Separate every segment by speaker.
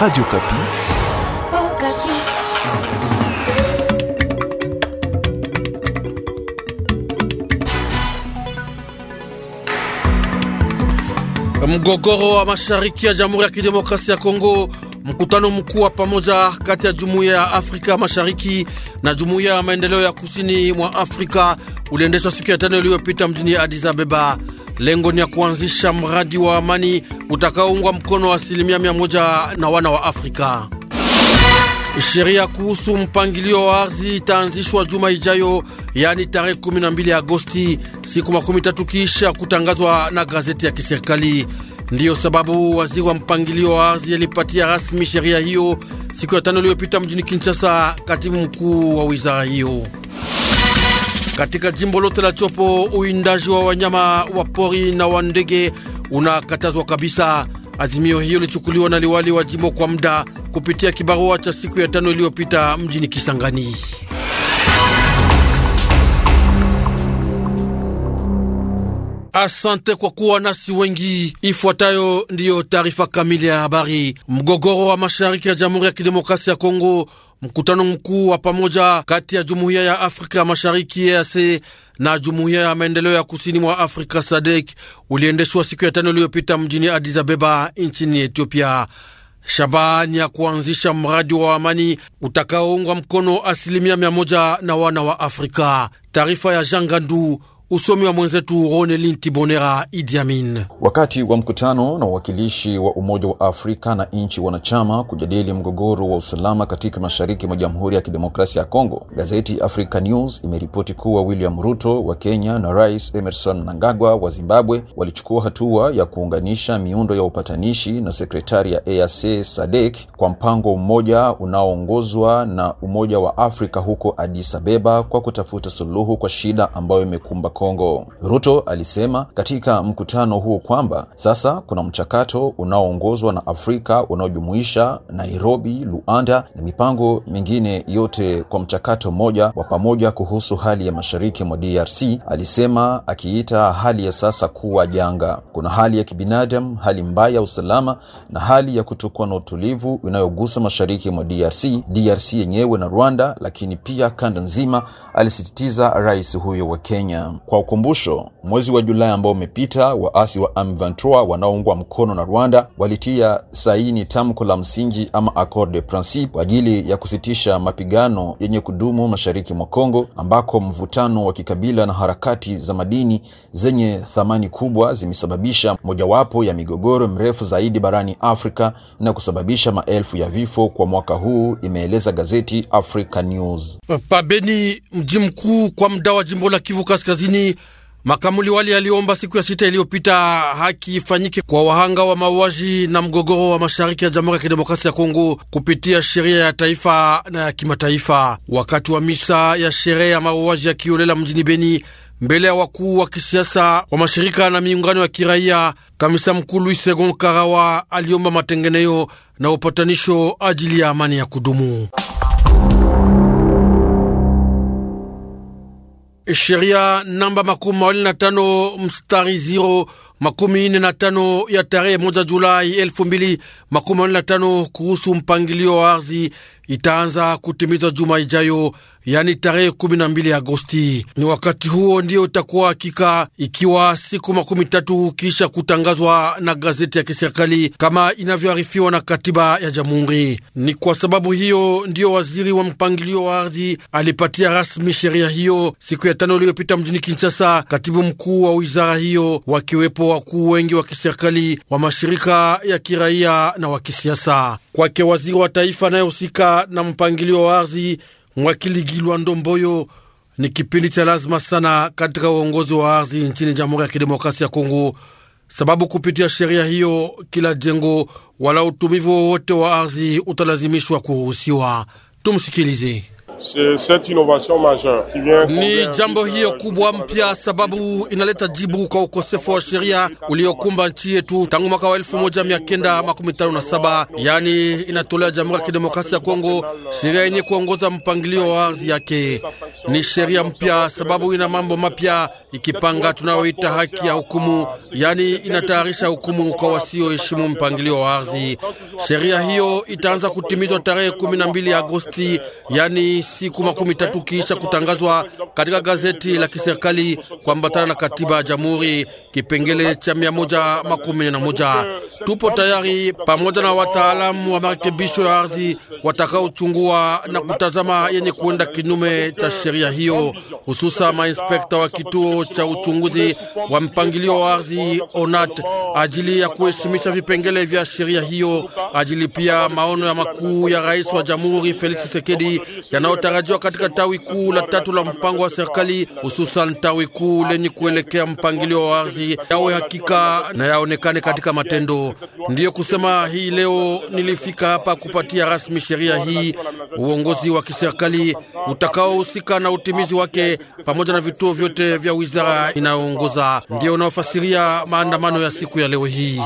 Speaker 1: Radio Kapi.
Speaker 2: Oh, Kapi.
Speaker 3: Mgogoro wa mashariki ya Jamhuri ya Kidemokrasia ya Kongo. Mkutano mkuu wa pamoja kati ya Jumuiya ya Afrika Mashariki na Jumuiya ya Maendeleo ya Kusini mwa Afrika uliendeshwa siku ya tano iliyopita mjini Addis Ababa. Lengo ni ya kuanzisha mradi wa amani utakaoungwa mkono wa asilimia mia moja na wana wa Afrika. Sheria kuhusu mpangilio wa ardhi itaanzishwa juma ijayo, yaani tarehe 12 Agosti, siku makumi tatu kiisha kutangazwa na gazeti ya kiserikali. Ndiyo sababu waziri wa mpangilio wa ardhi alipatia rasmi sheria hiyo siku ya tano iliyopita mjini Kinshasa, katibu mkuu wa wizara hiyo. Katika jimbo lote la Chopo, uwindaji wa wanyama wa pori na wa ndege unakatazwa kabisa. Azimio hiyo ilichukuliwa na liwali wa jimbo kwa muda kupitia kibarua cha siku ya tano iliyopita mjini Kisangani. Asante kwa kuwa nasi wengi. Ifuatayo ndiyo taarifa kamili ya habari. Mgogoro wa mashariki ya Jamhuri ya Kidemokrasia ya Kongo. Mkutano mkuu wa pamoja kati ya Jumuiya ya Afrika Mashariki EAC na Jumuiya ya Maendeleo ya Kusini mwa Afrika SADEK uliendeshwa siku ya tano iliyopita mjini Addis Abeba nchini Ethiopia. Shabaha ni ya kuanzisha mradi wa amani utakaoungwa mkono asilimia mia moja na wana wa Afrika. Taarifa ya Jangandu Usomi wa mwenzetu Ronelin Tibonera Idi Amin.
Speaker 4: Wakati wa mkutano na wawakilishi wa Umoja wa Afrika na nchi wanachama kujadili mgogoro wa usalama katika mashariki mwa Jamhuri ya Kidemokrasia ya Kongo, gazeti Africa News imeripoti kuwa William Ruto wa Kenya na Rais Emerson Mnangagwa wa Zimbabwe walichukua hatua ya kuunganisha miundo ya upatanishi na sekretari ya EAC SADC kwa mpango mmoja unaoongozwa na Umoja wa Afrika huko Addis Abeba kwa kutafuta suluhu kwa shida ambayo imekumba Kongo. Ruto alisema katika mkutano huo kwamba sasa kuna mchakato unaoongozwa na Afrika unaojumuisha Nairobi, Luanda na mipango mingine yote kwa mchakato mmoja wa pamoja kuhusu hali ya mashariki mwa DRC, alisema akiita hali ya sasa kuwa janga. Kuna hali ya kibinadamu, hali mbaya ya usalama na hali ya kutokuwa na utulivu inayogusa mashariki mwa DRC, DRC yenyewe na Rwanda, lakini pia kanda nzima, alisisitiza rais huyo wa Kenya. Kwa ukumbusho, mwezi wa Julai ambao umepita, waasi wa M23 wanaoungwa mkono na Rwanda walitia saini tamko la msingi ama accord de principe kwa ajili ya kusitisha mapigano yenye kudumu mashariki mwa Kongo, ambako mvutano wa kikabila na harakati za madini zenye thamani kubwa zimesababisha mojawapo ya migogoro mrefu zaidi barani Afrika na kusababisha maelfu ya vifo kwa mwaka huu, imeeleza gazeti Africa News.
Speaker 3: Pabeni, mji mkuu kwa mda wa jimbo la Kivu Kaskazini Kaskazini, makamu liwali aliomba siku ya sita iliyopita haki ifanyike kwa wahanga wa mauaji na mgogoro wa mashariki ya Jamhuri ya Kidemokrasia ya Kongo kupitia sheria ya taifa na ya kimataifa. Wakati wa misa ya sherehe ya mauaji ya kiolela mjini Beni mbele ya wakuu wa kisiasa wa mashirika na miungano ya kiraia, kamisa mkuu Louis Segon Karawa aliomba matengeneyo na upatanisho ajili ya amani ya kudumu. sheria namba makumi mawili na tano mstari ziro makumi ine na tano ya tarehe moja Julai elfu mbili makumi mawili na tano kuhusu mpangilio wa ardhi itaanza kutimiza juma ijayo, yani tarehe 12 Agosti. Ni wakati huo ndiyo itakuwa hakika, ikiwa siku makumi tatu kisha kutangazwa na gazeti ya kiserikali kama inavyoarifiwa na katiba ya jamhuri. Ni kwa sababu hiyo ndiyo waziri wa mpangilio wa ardhi alipatia rasmi sheria hiyo siku ya tano iliyopita mjini Kinshasa. Katibu mkuu wa wizara hiyo wakiwepo wakuu wengi wa kiserikali, wa mashirika ya kiraia na wa kisiasa. Kwake waziri wa taifa anayehusika na mpangilio wa ardhi. Mwakili Gilwa Ndomboyo ni kipindi cha lazima sana katika uongozi wa ardhi nchini Jamhuri ya Kidemokrasia ya Kongo, sababu kupitia sheria hiyo kila jengo wala utumivu wowote wa ardhi utalazimishwa kuruhusiwa. Tumsikilize.
Speaker 4: Ni jambo
Speaker 3: hiyo euh, kubwa mpya, sababu inaleta jibu kwa ukosefu wa sheria uliokumba nchi yetu tangu mwaka wa 1957 yani inatolea Jamhuri ya Kidemokrasia ya Kongo sheria yenye kuongoza mpangilio wa ardhi yake. Ni sheria mpya, sababu ina mambo mapya ikipanga tunayoita haki ya hukumu, yani inatayarisha hukumu kwa wasioheshimu mpangilio wa ardhi. Sheria hiyo itaanza kutimizwa tarehe 12 Agosti, yani siku makumi tatu kisha kutangazwa katika gazeti la kiserikali kuambatana na katiba ya jamhuri kipengele cha mia moja makumi na moja. Tupo tayari pamoja na wataalamu wa marekebisho ya ardhi watakaochungua na kutazama yenye kuenda kinyume cha sheria hiyo, hususa mainspekta wa kituo cha uchunguzi wa mpangilio wa ardhi ONAT ajili ya kuheshimisha vipengele vya sheria hiyo, ajili pia maono ya makuu ya rais wa jamhuri Felix Tshisekedi yanao wanaotarajiwa katika tawi kuu la tatu la mpango wa serikali, hususan tawi kuu lenye kuelekea mpangilio wa ardhi, yawe hakika na yaonekane katika matendo. Ndiyo kusema hii leo nilifika hapa kupatia rasmi sheria hii, uongozi wa kiserikali utakaohusika na utimizi wake, pamoja na vituo vyote vya wizara inayoongoza. ndio unaofasiria maandamano ya siku ya leo hii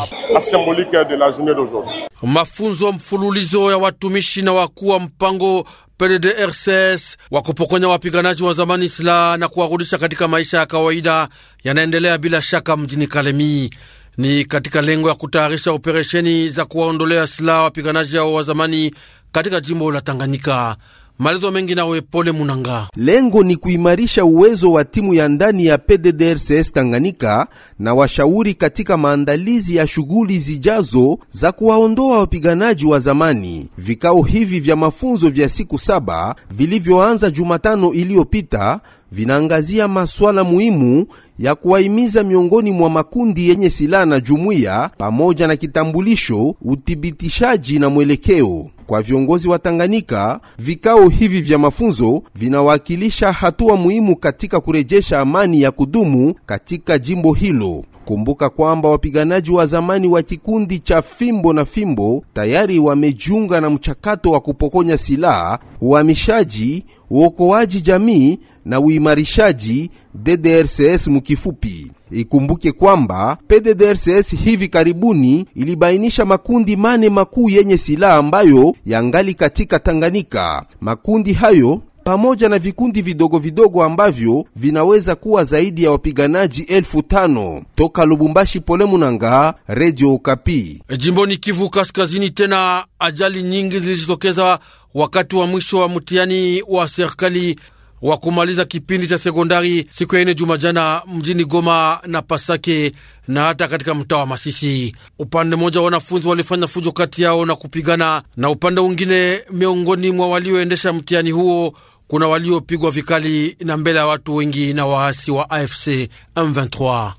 Speaker 3: mafunzo mfululizo ya watumishi na wakuu wa mpango PDDRCS wa kupokonya wapiganaji wa zamani silaha na kuwarudisha katika maisha ya kawaida yanaendelea bila shaka mjini Kalemi. Ni katika lengo ya kutayarisha operesheni za kuwaondolea silaha wapiganaji hao wa zamani katika jimbo la Tanganyika malizo mengi nawe pole munanga.
Speaker 5: Lengo ni kuimarisha uwezo wa timu ya ndani ya PDDRCS Tanganyika na washauri katika maandalizi ya shughuli zijazo za kuwaondoa wapiganaji wa zamani. Vikao hivi vya mafunzo vya siku saba vilivyoanza Jumatano iliyopita vinaangazia masuala muhimu ya kuwahimiza miongoni mwa makundi yenye silaha na jumuiya, pamoja na kitambulisho, uthibitishaji na mwelekeo kwa viongozi wa Tanganyika. Vikao hivi vya mafunzo vinawakilisha hatua muhimu katika kurejesha amani ya kudumu katika jimbo hilo. Kumbuka kwamba wapiganaji wa zamani wa kikundi cha Fimbo na Fimbo tayari wamejiunga na mchakato wa kupokonya silaha, uhamishaji, uokoaji jamii na uimarishaji DDRCS mukifupi. Ikumbuke kwamba PDDRCS hivi karibuni ilibainisha makundi mane makuu yenye silaha ambayo yangali katika Tanganyika. Makundi hayo pamoja na vikundi vidogo vidogo ambavyo vinaweza kuwa zaidi ya wapiganaji elfu tano toka Lubumbashi. Pole Munanga, Radio Okapi.
Speaker 3: Jimboni Kivu Kaskazini, tena ajali nyingi zilizotokeza wakati wa mwisho wa mtihani wa serikali wa kumaliza kipindi cha sekondari siku ya ine jumajana mjini Goma na Pasake na hata katika mtaa wa Masisi. Upande mmoja wanafunzi walifanya fujo kati yao na kupigana, na upande mwingine miongoni mwa walioendesha mtihani huo kuna waliopigwa vikali na mbele ya watu wengi na waasi wa AFC M23.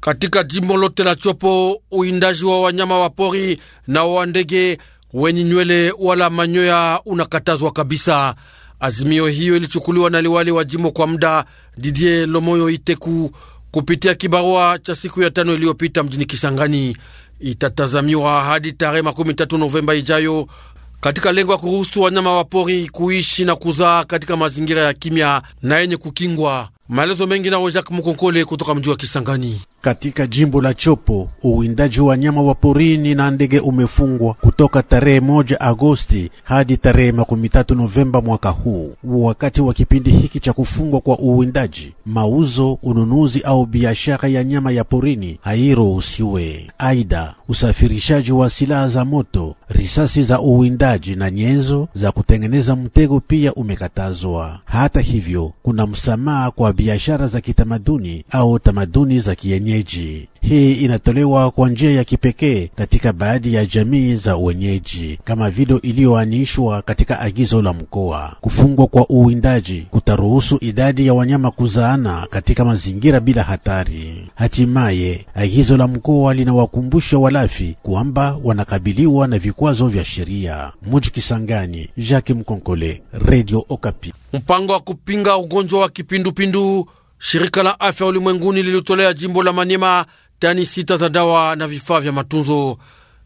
Speaker 3: Katika jimbo lote la Chopo, uindaji wa wanyama wa pori na wa ndege wenye nywele wala manyoya unakatazwa kabisa. Azimio hiyo ilichukuliwa na liwali wa jimbo kwa muda Didier Lomoyo Iteku kupitia kibarua cha siku ya tano iliyopita mjini Kisangani. Itatazamiwa hadi tarehe makumi tatu Novemba ijayo katika lengo ya kuruhusu wanyama wa pori kuishi na kuzaa katika mazingira ya kimya na yenye kukingwa. Maelezo mengi nawo Jacques Mukonkole kutoka mji wa Kisangani. Katika jimbo
Speaker 1: la Chopo uwindaji wa nyama wa porini na ndege umefungwa kutoka tarehe moja Agosti hadi tarehe makumi tatu Novemba mwaka huu. Wakati wa kipindi hiki cha kufungwa kwa uwindaji, mauzo, ununuzi au biashara ya nyama ya porini hairuhusiwe. Aidha, usafirishaji wa silaha za moto, risasi za uwindaji na nyenzo za kutengeneza mtego pia umekatazwa. Hata hivyo, kuna msamaha kwa biashara za kitamaduni au tamaduni za kienyeji wenyeji. Hii inatolewa kwa njia ya kipekee katika baadhi ya jamii za wenyeji kama vile iliyoanishwa katika agizo la mkoa. Kufungwa kwa uwindaji kutaruhusu idadi ya wanyama kuzaana katika mazingira bila hatari. Hatimaye, agizo la mkoa linawakumbusha walafi kwamba wanakabiliwa na vikwazo vya sheria. Muji Kisangani, Jacques Mkonkole, Radio Okapi.
Speaker 3: Mpango wa kupinga ugonjwa wa kipindupindu Shirika la afya ulimwenguni lilitolea jimbo la manyema tani sita za dawa na vifaa vya matunzo.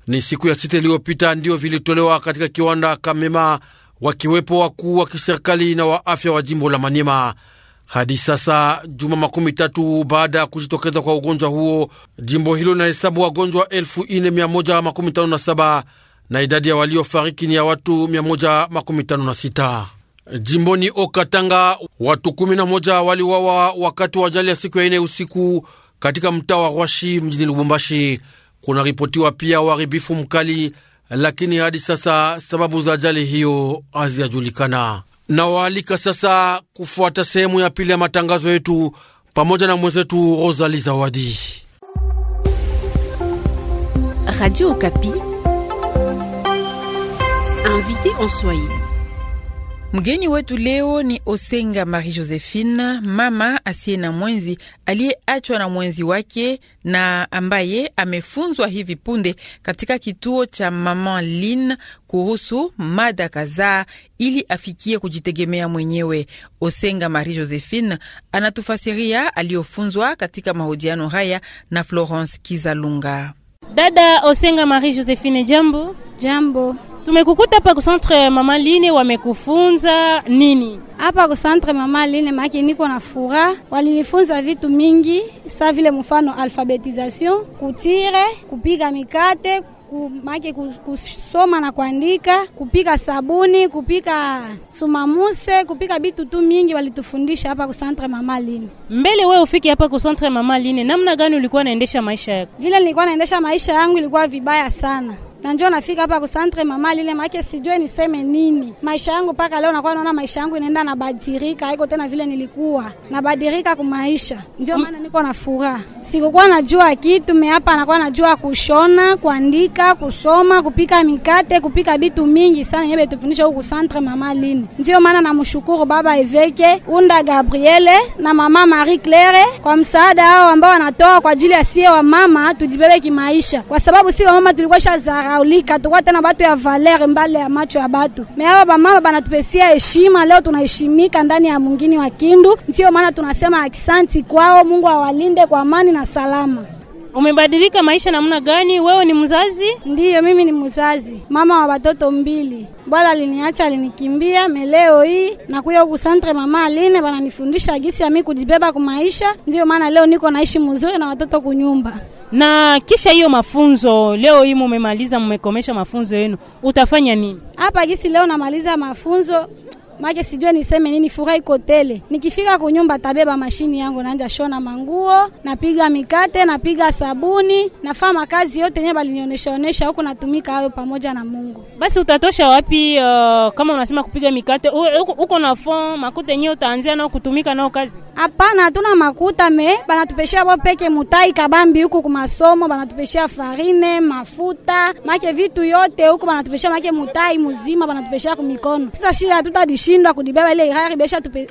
Speaker 3: Ni siku ya sita iliyopita ndiyo vilitolewa katika kiwanda Kamema, wakiwepo wakuu wa kiserikali na wa afya wa jimbo la manyema Hadi sasa juma makumi tatu baada ya kujitokeza kwa ugonjwa huo, jimbo hilo na hesabu wagonjwa elfu ine mia moja makumi tano na saba na idadi ya waliofariki ni ya watu mia moja makumi tano na sita. Jimboni Okatanga watu kumi na moja waliwawa wakati wa ajali ya siku ya ine usiku katika mtaa wa Rwashi mjini Lubumbashi. Kuna ripotiwa pia uharibifu mkali, lakini hadi sasa sababu za ajali hiyo hazijajulikana. Na waalika sasa kufuata sehemu ya pili ya matangazo yetu pamoja na mwenzetu Rosali Zawadi,
Speaker 6: Radio Okapi, invité en Swahili. Mgeni wetu leo ni Osenga Marie Josephine, mama asiye na mwenzi aliyeachwa na mwenzi wake na ambaye amefunzwa hivi punde katika kituo cha Mama Lin kuhusu mada kadhaa ili afikie kujitegemea mwenyewe. Osenga Marie Josephine anatufasiria aliyofunzwa katika mahojiano haya na Florence Kizalunga.
Speaker 7: Dada Osenga Marie Josephine, jambo. Jambo. Tumekukuta hapa
Speaker 2: kusantre Mama Line, wamekufunza nini hapa kusantre Mama Line? Maki niko na fura walinifunza vitu mingi sa vile mfano alfabetization, kutire, kupika mikate make kusoma na kuandika, kupika sabuni, kupika sumamuse, kupika bitu tu mingi walitufundisha hapa kusantre Mama Line.
Speaker 7: Mbele wewe ufike hapa ku Mama Line, namna gani ulikuwa naendesha maisha yako?
Speaker 2: Vile nilikuwa naendesha maisha yangu ilikuwa vibaya sana na ndio nafika hapa ku centre mama lile, maana sijue niseme nini. Maisha yangu paka leo nakuwa naona maisha yangu inaenda na badirika, haiko tena vile nilikuwa na badirika maisha Ndio mm. maana niko na furaha, sikukuwa najua kitu me hapa nakuwa najua kushona, kuandika, kusoma, kupika mikate, kupika bitu mingi sana yebe tufundisha huku centre mama lini. Ndio maana namshukuru baba Eveke Unda Gabriele na mama Marie Claire kwa msaada wao ambao wanatoa kwa ajili ya sie wa mama tujibebe kimaisha, kwa sababu si wa mama tulikuwa shazara raulika tukuwa tena batu ya valer mbale ya macho ya batu. Me hao bamama banatupesia heshima, leo tunaheshimika ndani ya mungini wa Kindu. Ndio maana tunasema akisanti kwao, Mungu awalinde kwa amani na salama. Umebadilika maisha namna gani? Wewe ni mzazi? Ndiyo, mimi ni mzazi, mama wa watoto mbili. Bwana aliniacha alinikimbia, meleo hii nakuya huku santre mama aline bananifundisha gisi ya kujibeba kumaisha. Ndiyo maana leo niko naishi mzuri na watoto kunyumba.
Speaker 7: Na kisha hiyo mafunzo leo hii mumemaliza, mumekomesha mafunzo yenu, utafanya nini?
Speaker 2: Hapa gisi leo namaliza mafunzo make sijue niseme nini, furaha iko tele. Nikifika kunyumba tabeba mashini yangu naanja shona manguo, napiga mikate, napiga sabuni, nafaa makazi yote nye balinionyesha onyesha huko natumika hayo pamoja na Mungu.
Speaker 7: Basi utatosha wapi? Uh, kama unasema kupiga mikate huko na fond makuta yenyewe utaanzia nao kutumika
Speaker 2: nao kazi? Hapana, hatuna makuta me banatupeshia bo peke mutai kabambi huku kumasomo banatupeshia farine, mafuta, make vitu yote huku banatupeshia, make mutai muzima banatupeshia kwa Sasa shida hatutadi tukishindwa kudibeba ile irari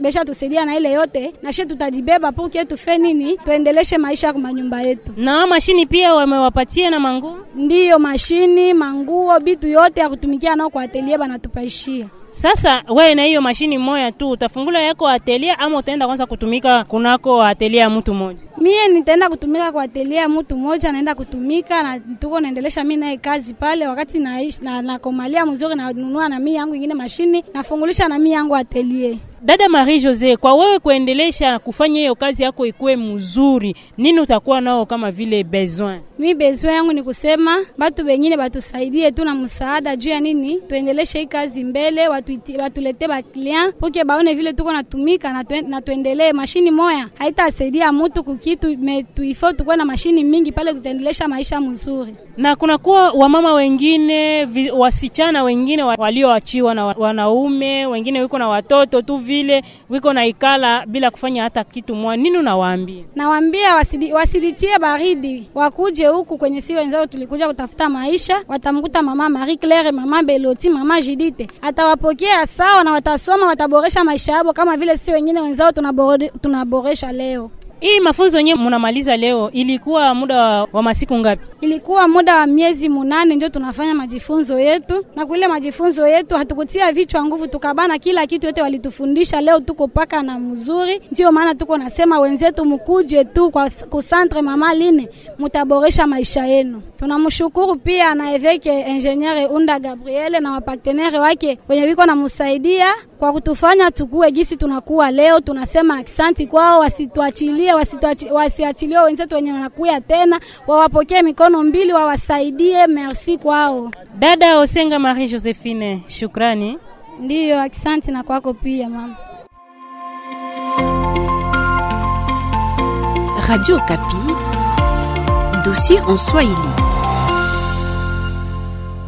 Speaker 2: besha tusaidia na ile yote nashe tutajibeba puke tufe nini tuendeleshe maisha kwa manyumba yetu. Na mashini pia wamewapatia na manguo, ndiyo mashini manguo, bitu yote ya kutumikia nao
Speaker 7: kwa atelier banatupaishia. Sasa wewe na hiyo mashini moya tu utafungula yako atelia ama utaenda kwanza kutumika kunako atelia ya mtu mmoja?
Speaker 2: Mie nitaenda kutumika kwa atelia ya mtu mmoja, naenda kutumika na tuko naendelesha mimi naye kazi pale, wakati naishi na nakomalia mzuri na nunua na mimi yangu ingine mashini nafungulisha na mimi yangu atelier.
Speaker 7: Dada Marie Jose, kwa wewe kuendelesha kufanya hiyo kazi yako ikuwe mzuri, nini utakuwa nao kama vile besoin?
Speaker 2: Mi besoin yangu ni kusema batu wengine batusaidie tu na msaada juu ya nini, tuendeleshe hii kazi mbele, batulete baklient poke baone vile tuko natumika na tuendelee. Mashini moya haitasaidia mutu kukitu, metuifo tukuwe na mashini mingi pale, tutaendelesha maisha mzuri. Na kunakuwa wamama wengine, wasichana wengine
Speaker 7: walioachiwa na wanaume, wengine wiko na watoto tu vile wiko na ikala bila kufanya hata kitu mwa nini. Nawaambia,
Speaker 2: nawaambia wasiditie baridi, wakuje huku kwenye si wenzao tulikuja kutafuta maisha. Watamkuta mama Marie Claire, mama Beloti, mama Jidite, atawapokea sawa na watasoma, wataboresha maisha yao kama vile sisi wengine wenzao tunaboresha leo. Hii mafunzo yenyewe munamaliza leo, ilikuwa muda wa masiku ngapi? Ilikuwa muda wa miezi munane, ndio tunafanya majifunzo yetu. Na kule majifunzo yetu hatukutia vichwa nguvu, tukabana kila kitu yote walitufundisha. Leo tuko paka na mzuri, ndio maana tuko nasema wenzetu, mkuje tu kwa kusantre mama line, mutaboresha maisha yenu. Tunamshukuru pia na eveke Engineer Unda Gabriele na wapartenere wake wenye wiko namusaidia kwa kutufanya tukue gisi tunakuwa leo. Tunasema asanti kwao, wasituachilie, wasiachilie wenzetu wenye wanakuya tena, wawapokee mikono mbili, wawasaidie. Merci kwao. Dada Osenga Marie Josephine, shukrani. Ndiyo, asanti na kwako pia mama.
Speaker 7: Radio Kapi,
Speaker 6: dossier en Swahili.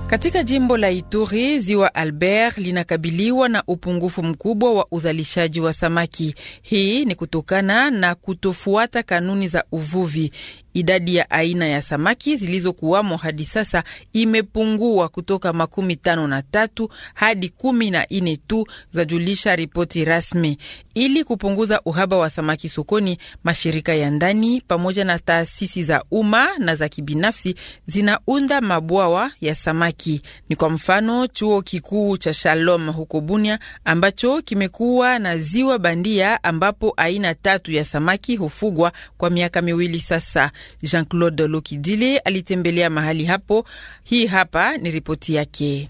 Speaker 6: Katika jimbo la Ituri, ziwa Albert linakabiliwa na upungufu mkubwa wa uzalishaji wa samaki. Hii ni kutokana na kutofuata kanuni za uvuvi. Idadi ya aina ya samaki zilizokuwamo hadi sasa imepungua kutoka makumi tano na tatu hadi kumi na nne tu, zajulisha ripoti rasmi. Ili kupunguza uhaba wa samaki sokoni, mashirika ya ndani pamoja na taasisi za umma na za kibinafsi zinaunda mabwawa ya samaki. Ni kwa mfano chuo kikuu cha Shalom huko Bunia ambacho kimekuwa na ziwa bandia ambapo aina tatu ya samaki hufugwa kwa miaka miwili sasa. Jean-Claude Lokidile alitembelea mahali hapo. Hii hapa ni ripoti yake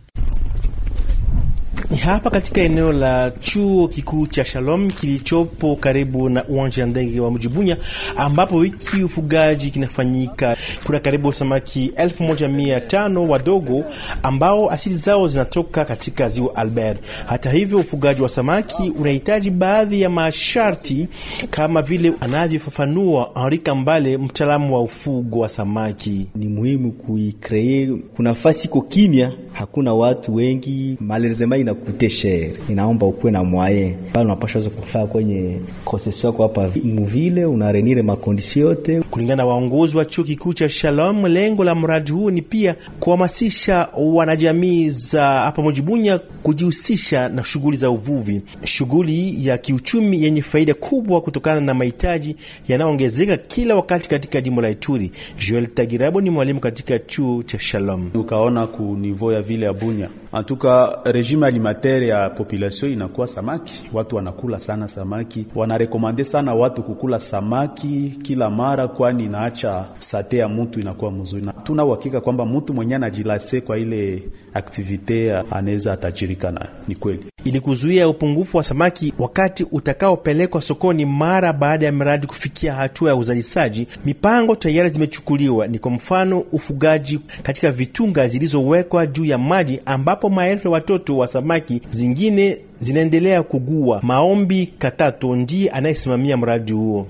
Speaker 8: hapa katika eneo la chuo kikuu cha Shalom kilichopo karibu na uwanja wa ndege wa Mjibunya ambapo wiki ufugaji kinafanyika. Kuna karibu samaki 1500 wadogo ambao asili zao zinatoka katika ziwa Albert. Hata hivyo, ufugaji wa samaki unahitaji baadhi ya masharti kama vile anavyofafanua Henri Kambale, mtaalamu wa ufugo wa samaki. Ni muhimu kuikree kuna fasi iko kimya hakuna watu wengi, malrezema inakute shere, inaomba ukuwe na mwaye pale, unapasha weza kufaa kwenye kosesi yako hapa muvile, unarenire makondisi yote kulingana na waongozi wa chuo kikuu cha Shalom. Lengo la mradi huu ni pia kuhamasisha wanajamii za hapa Mujibunya kujihusisha na shughuli za uvuvi, shughuli ya kiuchumi yenye faida kubwa kutokana na mahitaji yanayoongezeka kila wakati katika jimbo la Ituri. Joel Tagirabo ni mwalimu katika chuo cha Shalom. Ukaona ku nivou ya vile ya Bunya. Antuka regime alimentaire ya population inakuwa samaki, watu wanakula sana samaki, wanarekomande sana watu kukula samaki kila mara, kwani inaacha sate ya mutu inakuwa mzuri, na tuna uhakika kwamba mutu mwenye anajilase kwa ile aktivite anaweza atajirika na Ni kweli ili kuzuia upungufu wa samaki wakati utakaopelekwa sokoni mara baada ya mradi kufikia hatua ya uzalishaji, mipango tayari zimechukuliwa. Ni kwa mfano ufugaji katika vitunga zilizowekwa juu ya maji, ambapo maelfu ya watoto wa samaki zingine zinaendelea kugua. Maombi Katato ndiye anayesimamia mradi huo.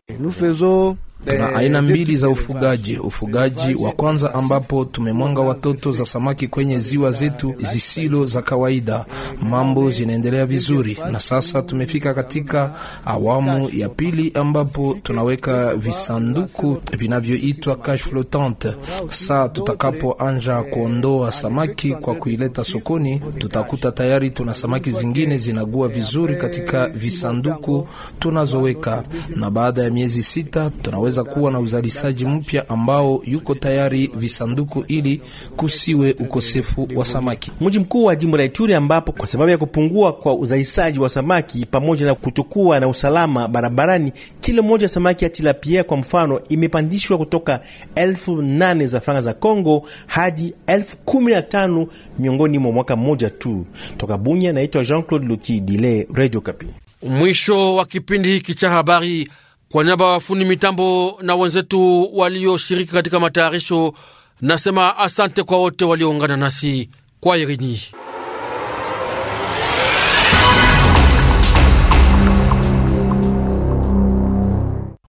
Speaker 5: Tuna eh, aina mbili za ufugaji. Ufugaji wa kwanza ambapo tumemwanga watoto za samaki kwenye ziwa zetu zisilo za kawaida. Mambo zinaendelea vizuri, na sasa tumefika katika awamu ya pili ambapo tunaweka visanduku vinavyoitwa cage flottante. Saa anja eh, kuondoa samaki kwa kuileta sokoni, tutakuta tayari tuna samaki zingine zinagua vizuri katika visanduku tunazoweka, na baada ya miezi sita tunaweka tunaweza kuwa na uzalishaji mpya ambao yuko
Speaker 8: tayari visanduku ili kusiwe ukosefu wa samaki. Mji mkuu wa jimbo la Ituri, ambapo kwa sababu ya kupungua kwa uzalishaji wa samaki pamoja na kutokuwa na usalama barabarani, kilo moja samaki ya tilapia kwa mfano imepandishwa kutoka elfu nane za franga za Kongo hadi elfu kumi na tano miongoni mwa mwaka mmoja tu. Toka Bunya, naitwa Jean Claude Lukidile, Radio Kapi.
Speaker 3: Mwisho wa kipindi hiki cha habari. Kwa niaba fundi mitambo na wenzetu walioshiriki katika matayarisho, nasema asante kwa wote walioungana nasi kwa irini.